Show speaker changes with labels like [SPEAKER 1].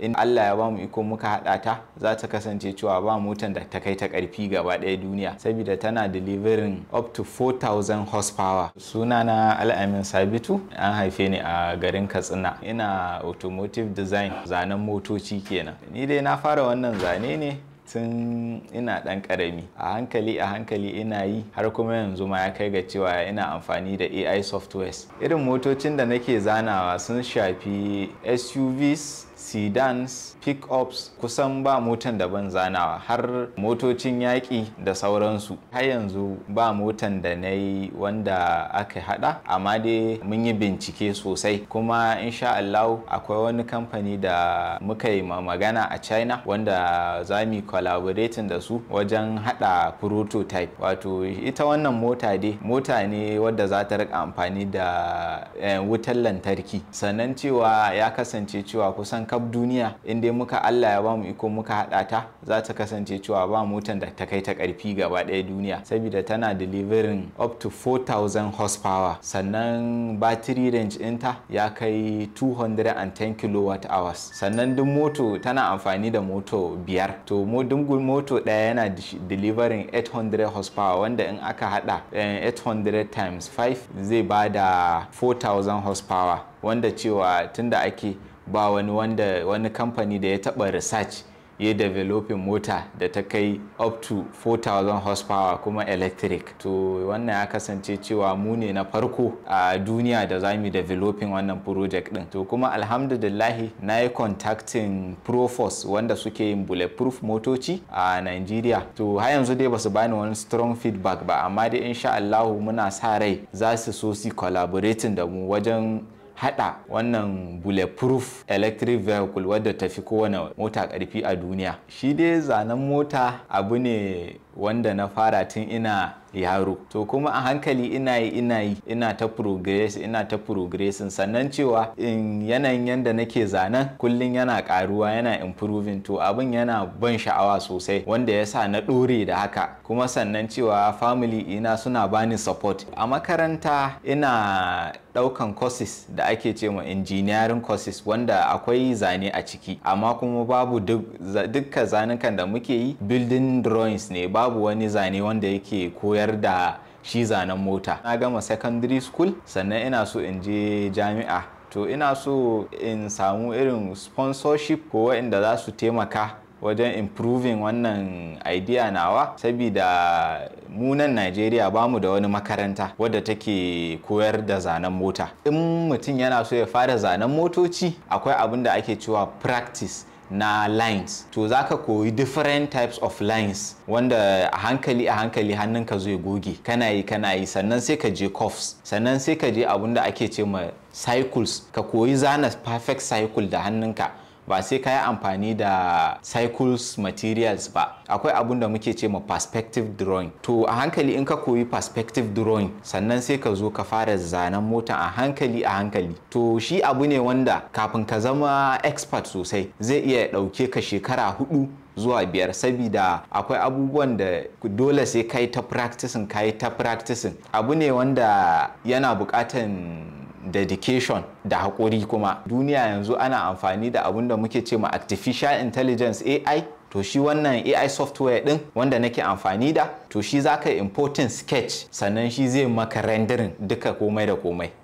[SPEAKER 1] in Allah ya ba mu iko muka haɗa ta za ta kasance cewa ba motan da ta kai ta ƙarfi gaba ɗaya duniya saboda tana delivering up to 4000 horsepower sunana al'amin sabitu an haife ni a garin katsina ina automotive design zanen motoci kenan ni dai na fara wannan zane ne tun ina ɗan ƙarami a hankali a hankali ina yi har kuma yanzu ma ya kai ga cewa ina amfani da ai softwares irin motocin da nake zanawa sun shafi suvs sedans pickups kusan ba motan da ban zanawa har motocin yaƙi da sauransu har yanzu ba motan da na yi wanda aka hada amma dai mun yi bincike sosai kuma insha Allah akwai wani kamfani da muka yi magana a china wanda za mu collaborating da su wajen hada prototype wato ita wannan mota dai mota ne wadda za ta rika amfani da eh, wutan lantarki sannan cewa ya kasance cewa kusan kaf duniya inda muka Allah ya bamu iko muka haɗa ta za ta kasance cewa ba motan da ta kai ta karfi gaba ɗaya duniya saboda tana delivering up to 4000 horsepower sannan battery range ɗinta ya kai 210 kilowatt hours sannan duk moto tana amfani da moto biyar to dungun moto ɗaya yana delivering 800 horsepower wanda in aka haɗa 800 eh, times 5 zai bada da 4000 horsepower wanda cewa tunda ake ba wani wanda wani kamfani da ya taɓa research ya developing mota da ta kai up to 4000 horsepower kuma electric to wannan ya kasance cewa mu ne na farko a duniya da za mu developing wannan project din to kuma alhamdulillahi na yi contacting proforce wanda suke yin bulletproof motoci a nigeria to har yanzu dai basu bani wani strong feedback ba amma dai insha allahu muna sa rai za su so su collaborating da mu wajen hada wannan bulletproof electric vehicle wadda tafi kowane mota karfi a duniya shi dai zanen mota abu ne wanda na fara tun ina yaro to kuma a hankali ina yi ina yi ina ta progress ina ta progressin sannan cewa in yanayin yanda nake zanen kullum yana karuwa yana improving to abin yana ban sha'awa sosai wanda ya sa na dore da haka kuma sannan cewa family ina suna bani support a makaranta ina ɗaukan courses da ake ce ma engineering courses wanda akwai zane a ciki amma kuma babu dukkan kan da muke yi building drawings ne babu babu wani zane wanda yake koyar da shi zanen mota na gama secondary school sannan ina so in je jami'a to ina so in samu irin sponsorship ko waɗanda za su taimaka wajen improving wannan idea nawa sabida munan Najeriya ba mu da wani makaranta wadda take koyar da zanen mota in mutum yana so ya fara zanen motoci akwai abin da ake cewa practice na lines to za ka koyi different types of lines wanda a hankali a hankali hannunka zai goge kana yi kana yi sannan sai ka je cuffs sannan sai ka je abinda ake ce ma cycles ka koyi zana perfect cycle da hannunka ba sai ka yi amfani da cycles materials ba akwai abun da muke ce ma perspective drawing to a hankali in ka koyi perspective drawing sannan sai ka zo ka fara zanen mota a hankali a hankali to shi abu ne wanda kafin ka zama expert sosai zai iya ɗauke ka shekara hudu zuwa biyar sabida akwai abubuwan da dole sai kai ta practicing kai ta practicing abu ne wanda yana buƙatan dedication da haƙuri kuma duniya yanzu ana amfani da abun da muke ce ma artificial intelligence ai to shi wannan ai software din wanda nake amfani da to shi za zaka importing sketch sannan shi zai maka rendering duka komai da komai